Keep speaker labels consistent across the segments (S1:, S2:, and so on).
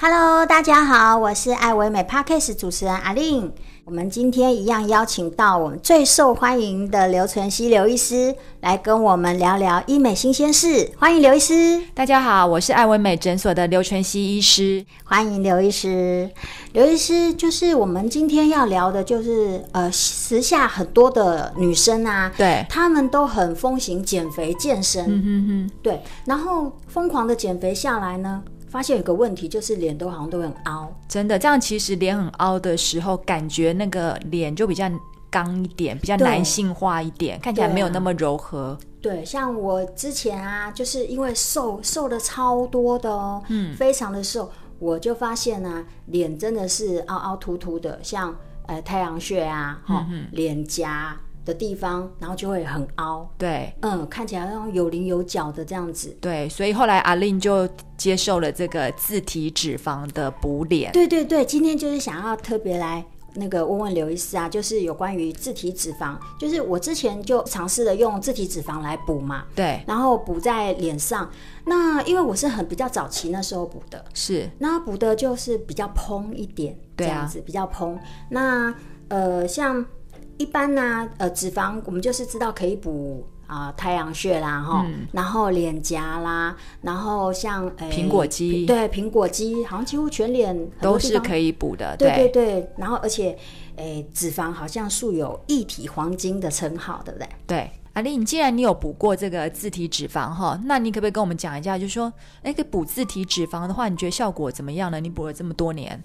S1: Hello，大家好，我是愛惟美 Podcast 主持人 ALIN。我們今天一樣邀請到我們最受歡迎的劉淳熙劉醫師來跟我們聊聊醫美新鮮事。歡迎劉醫師！大家好，我是愛惟美診所的劉淳熙醫師。歡迎劉醫師。劉醫師，就是我們今天要聊的，就是呃，時下很多的女生啊，對，她們都很風行減肥健身，嗯嗯嗯，對，然後瘋狂的減肥下來呢。發現有個問題，就是臉都好像都很凹。真的，這
S2: 樣其實臉很凹的時候，感覺那個臉就比較剛一點，比較男性化一點，對，看起來沒有那麼柔和對啊。
S1: 對，像我之前啊，就是因為瘦，瘦得超多的哦，嗯，非常的瘦，我就發現呢，啊，臉真的是凹凹凸凸的，像呃太陽穴啊，哦，嗯哼。臉頰。的地方，然後就會很凹，對，嗯，看起來那種有稜有角的這樣子，
S2: 對，所以後來 ALIN 就接受了這個自體脂肪的補臉，對
S1: 對對。今天就是想要特別來那個問問劉醫師啊，就是有關於自體脂肪，就是我之前就嘗試了用自體脂肪來補嘛，對，然後補在臉上。那因為我是很比較早期那時候補的，是，那補的就是比較蓬一點，對啊，這樣子比較蓬。那呃像。一般呢，啊，呃，脂肪我們就是知道可以補啊，呃、太陽穴啦吼，哈、嗯，然後臉頰啦，然後像誒蘋果肌，對蘋果肌好像幾乎全臉都是可以
S2: 補的，對對，
S1: 對對。然後而且誒，脂肪好像素有液體黃金的稱號，對不對？對，ALIN，你既然你有補過
S2: 這個自體脂肪哈、哦，那你可不可以跟我們講一下，就是說，哎，可以補自體脂肪的話，你覺得
S1: 效果怎麼樣呢？你補了這麼多年？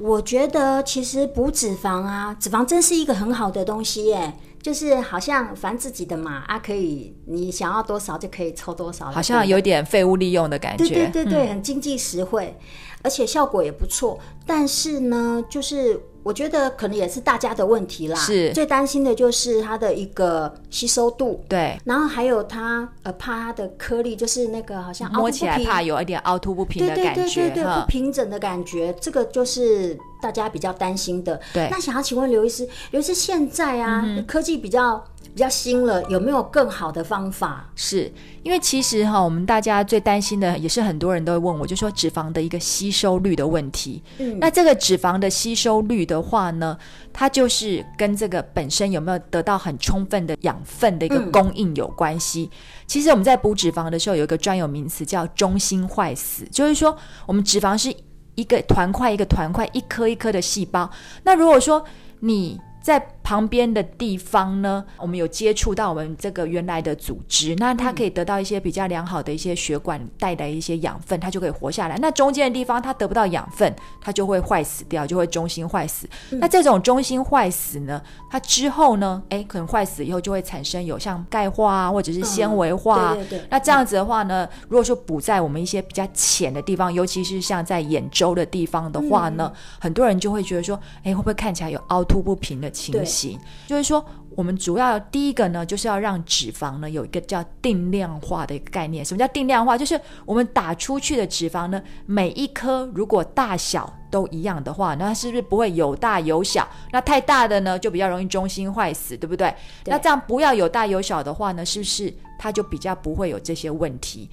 S1: 我覺得其實補脂肪啊，脂肪真是一個很好的東西耶，就是好像煩自己的嘛啊，可以你想要多少就可以抽多少，好像有
S2: 點廢物利用的感覺。對對對對，
S1: 很經濟實惠，嗯，而且效果也不錯。但是呢，就是。我覺得可能也是大家的問題啦，是最擔心的就是它的一個吸收度，對，然後還有它，呃，怕它的顆粒就是那個好像摸起來怕有
S2: 一點凹凸不平的感覺，對對，對對對對，呵不平
S1: 整的感覺，這個就是。大家比較擔心的，對，那想要請問劉醫師，尤其是現在啊，嗯、哼科技比較比較新了，有沒有更好的方法？
S2: 是，因為其實哈，我們大家最擔心的也是很多人都會問我，就說脂肪的一個吸收率的問題。嗯，那這個脂肪的吸收率的話呢，它就是跟這個本身有沒有得到很充分的養分的一個供應有關係。嗯、其實我們在補脂肪的時候，有一個專有名詞叫中心壞死，就是說我們脂肪是。一個團塊，一個團塊，一顆一顆的細胞。那如果說你……在旁邊的地方呢，我們有接觸到我們這個原來的組織，那它可以得到一些比較良好的一些血管帶來一些養分，它就可以活下來。那中間的地方它得不到養分，它就會壞死掉，就會中心壞死。嗯、那這種中心壞死呢，它之後呢，哎、欸，可能壞死以後就會產生有像鈣化啊，或者是纖維化、啊嗯。對對，對。那這樣子的話呢，如果說補在我們一些比較淺的地方，尤其是像在眼周的地方的話呢，嗯、很多人就會覺得說，哎、欸，會不會看起來有凹凸不平的？對情形就是說，我們主要第一個呢，就是要讓脂肪呢有一個叫定量化的一個概念。什麼叫定量化？就是我們打出去的脂肪呢，每一顆如果大小都一樣的話，那它是不是不會有大有小？那太大的呢，就比較容易中心壞死，對不對？對，那這樣不要有大有小的話呢，是不是它就比較不會有這些問題？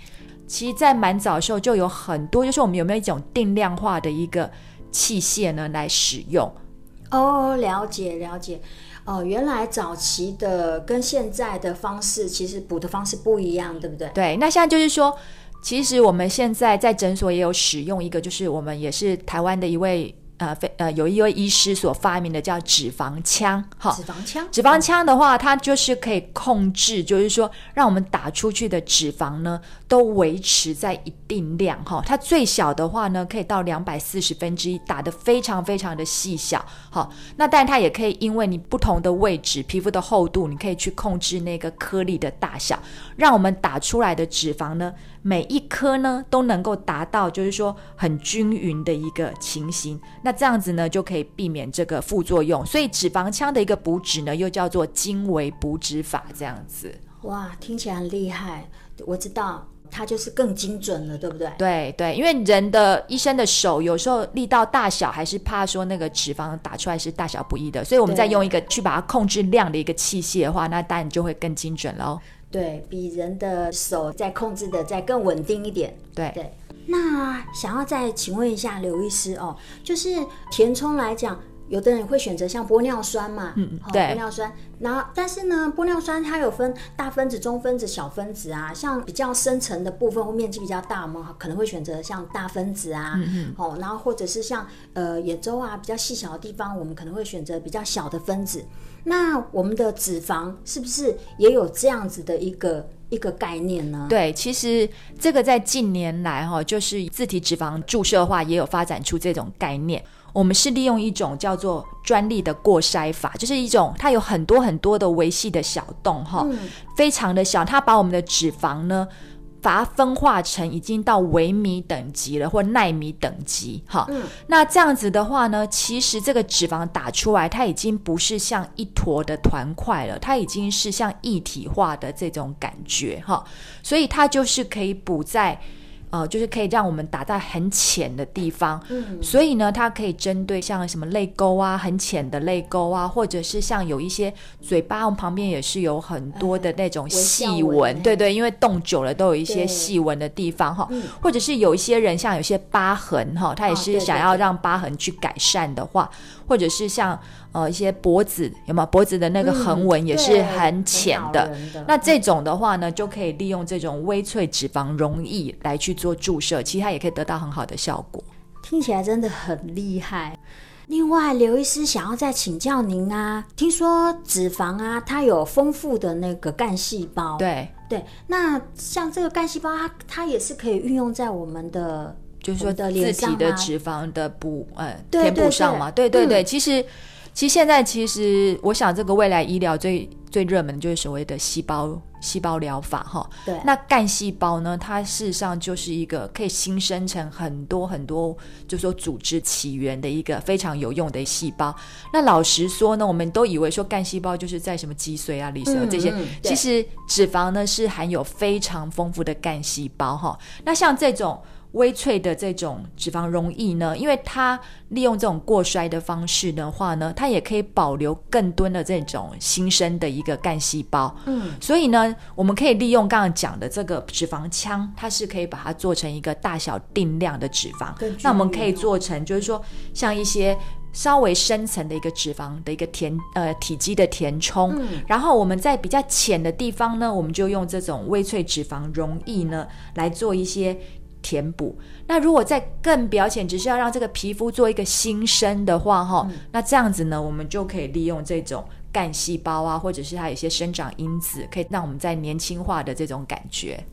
S2: 其實，在蠻早的時候就有很多，就是我們有沒有一種定量化的一個器械呢來使用？
S1: 哦，了解了解，哦，原來早期的跟現在的方式其實補的方式不一樣，對不對？
S2: 對，那現在就是說，其實我們現在在診所也有使用一個，就是我們也是台灣的一位。呃，非呃，有一位醫師所發明的叫脂肪槍。脂肪槍脂肪槍的話，它就是可以控制，嗯、就是說，讓我們打出去的脂肪呢，都維持在一定量，它最小的話呢，可以到兩百四十分之一，40, 打得非常非常的細小，那但它也可以因為你不同的位置、皮膚的厚度，你可以去控制那個顆粒的大小，讓我們打出來的脂肪呢。每一顆呢都能夠達到，就是說很均勻的一個情形。那這樣子呢就可以避免這個副作用。所以脂肪槍的一個補脂呢，又叫做精微補脂法，這樣子。
S1: 哇，聽起來很厲害。我知道它就是更精準了，對不對？
S2: 對對，因為人的醫生的手有時候力道大小還是怕說那個脂肪打出來是大小不一的，所以我們再用一個去把它控制量的一個器械的話，對那當然就會更精準嘍。
S1: 對，比人的手在控制的再更穩定一點。對對。那想要再請問一下劉醫師哦，就是填充來講。有的人會選擇像玻尿酸嘛，嗯，對，玻尿酸。然後，但是呢，玻尿酸它有分大分子、中分子、小分子啊。像比較深層的部分或面積比較大，嘛，可能會選擇像大分子啊，嗯嗯哼，哦，然後或者是像呃眼周啊比較細小的地方，我們可能會選擇比較小的分子。那我們的脂肪是不是也有這樣子的一個一個概念呢？對，
S2: 其實這個在近年來哈，就是自體脂肪注射化也有發展出這種概念。我們是利用一種叫做專利的過篩法，就是一種它有很多很多的微細的小洞哈，哦嗯、非常的小，它把我們的脂肪呢，把它分化成已經到微米等級了或奈米等級哈，哦嗯、那這樣子的話呢，其實這個脂肪打出來，它已經不是像一坨的團塊了，它已經是像一體化的這種感覺哈、哦，所以它就是可以補在。呃，就是可以讓我們打在很淺的地方，嗯，所以呢，它可以針對像什麼淚溝啊，很淺的淚溝啊，或者是像有一些嘴巴旁邊也是有很多的那種細紋，對，對對，因為凍久了都有一些細紋的地方哈，對或者是有一些人像有些疤痕哈、喔，他也是想要讓疤痕去改善的話，啊、對對對，或者是像呃一些脖子有沒有脖子的那個橫紋也是很淺的，的那這種的話呢，嗯、就可以利用這種威萃脂肪溶液來去。做注射，其實它也可以得到很好的效果，
S1: 聽起來真的很厲害。另外，劉醫師想要再請教您啊，聽說脂肪啊，它有豐富的那個幹細胞，對對。那像這個幹細胞，它它也是可以運用在我們的，就是說的臉上自體的脂
S2: 肪的補呃、嗯、填補上嘛？對對對，嗯、其實其實現在其實我想，這個未來醫療最最熱門的就是所謂的細胞。細胞療法哈，對、啊，那幹細胞呢？它事實上就是一個可以新生成很多很多，就是、說組織起源的一個非常有用的細胞。那老實說呢，我們都以為說幹細胞就是在什麼脊髓啊、裡頭、啊嗯、這些，嗯、其實脂肪呢對是含有非常豐富的幹細胞哈。那像這種。威萃的這種脂肪溶液呢，因為它利用這種過篩的方式的話呢，它也可以保留更多的這種新生的一個幹細胞。嗯，所以呢，我們可以利用剛剛講的這個脂肪槍，它是可以把它做成一個大小定量的脂肪。那我們可以做成，就是說像一些稍微深層的一個脂肪的一個填呃體積的填充。嗯、然後我們在比較淺的地方呢，我們就用這種威萃脂肪溶液呢來做一些。填補。那如果再更表淺，只是要讓這個皮膚做一個新生的話，哈、嗯，那這樣子呢，我們就可以利用這種幹細胞啊，或者是它有一些生長因子，可以讓我們再年輕化的這種感覺。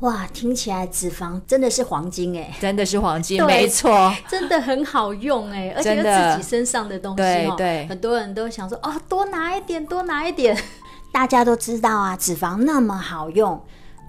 S1: 哇，聽起來脂肪真的是黃金哎！真的是黃金，對沒錯錯，真的很好用哎！而且自己身上的東西真的、對，對對，很多人都想說哦，多拿一點，多拿一點。大家都知道啊，脂肪那麼好用。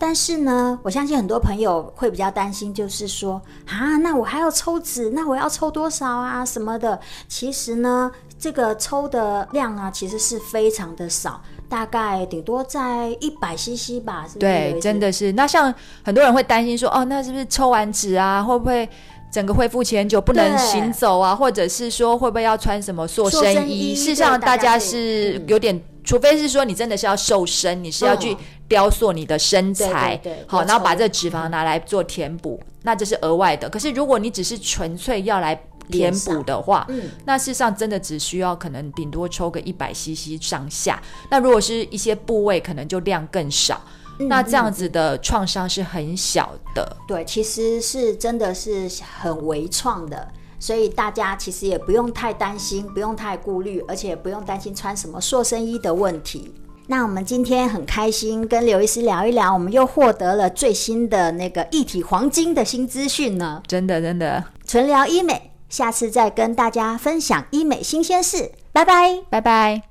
S1: 但是呢，我相信很多朋友會比較擔心，就是說啊，那我還要抽脂，那我要抽多少啊，什麼的？其實呢，這個抽的量啊，其實是非常的少，大概頂多在一百 CC 吧。是是對，真
S2: 的是。那像很多人會擔心說，哦、啊，那是不是抽完脂啊，會不會整個恢復期就不能行走啊？對或者是說，會不會要穿什麼塑身衣？身衣事實上，大家是有點。除非是說你真的是要瘦身，你是要去雕塑你的身材，好、嗯，對對對，然後把這個脂肪拿來做填補，那這是額外的。可是如果你只是純粹要來填補的話，嗯、那事實上真的只需要可能頂多抽個一百 cc 上下。那如果是一些部位，可能就量更少。嗯嗯，
S1: 那這樣子
S2: 的創傷是很小的。
S1: 對，其實是真的是很微創的。所以大家其實也不用太擔心，不用太顧慮，而且也不用擔心穿什麼塑身衣的問題。那我們今天很開心跟劉醫師聊一聊，我們又獲得了最新的那個液體黃金的新資訊呢。真的，真的。淳聊醫美，下次再跟大家分享醫美新鮮事。拜拜，拜拜。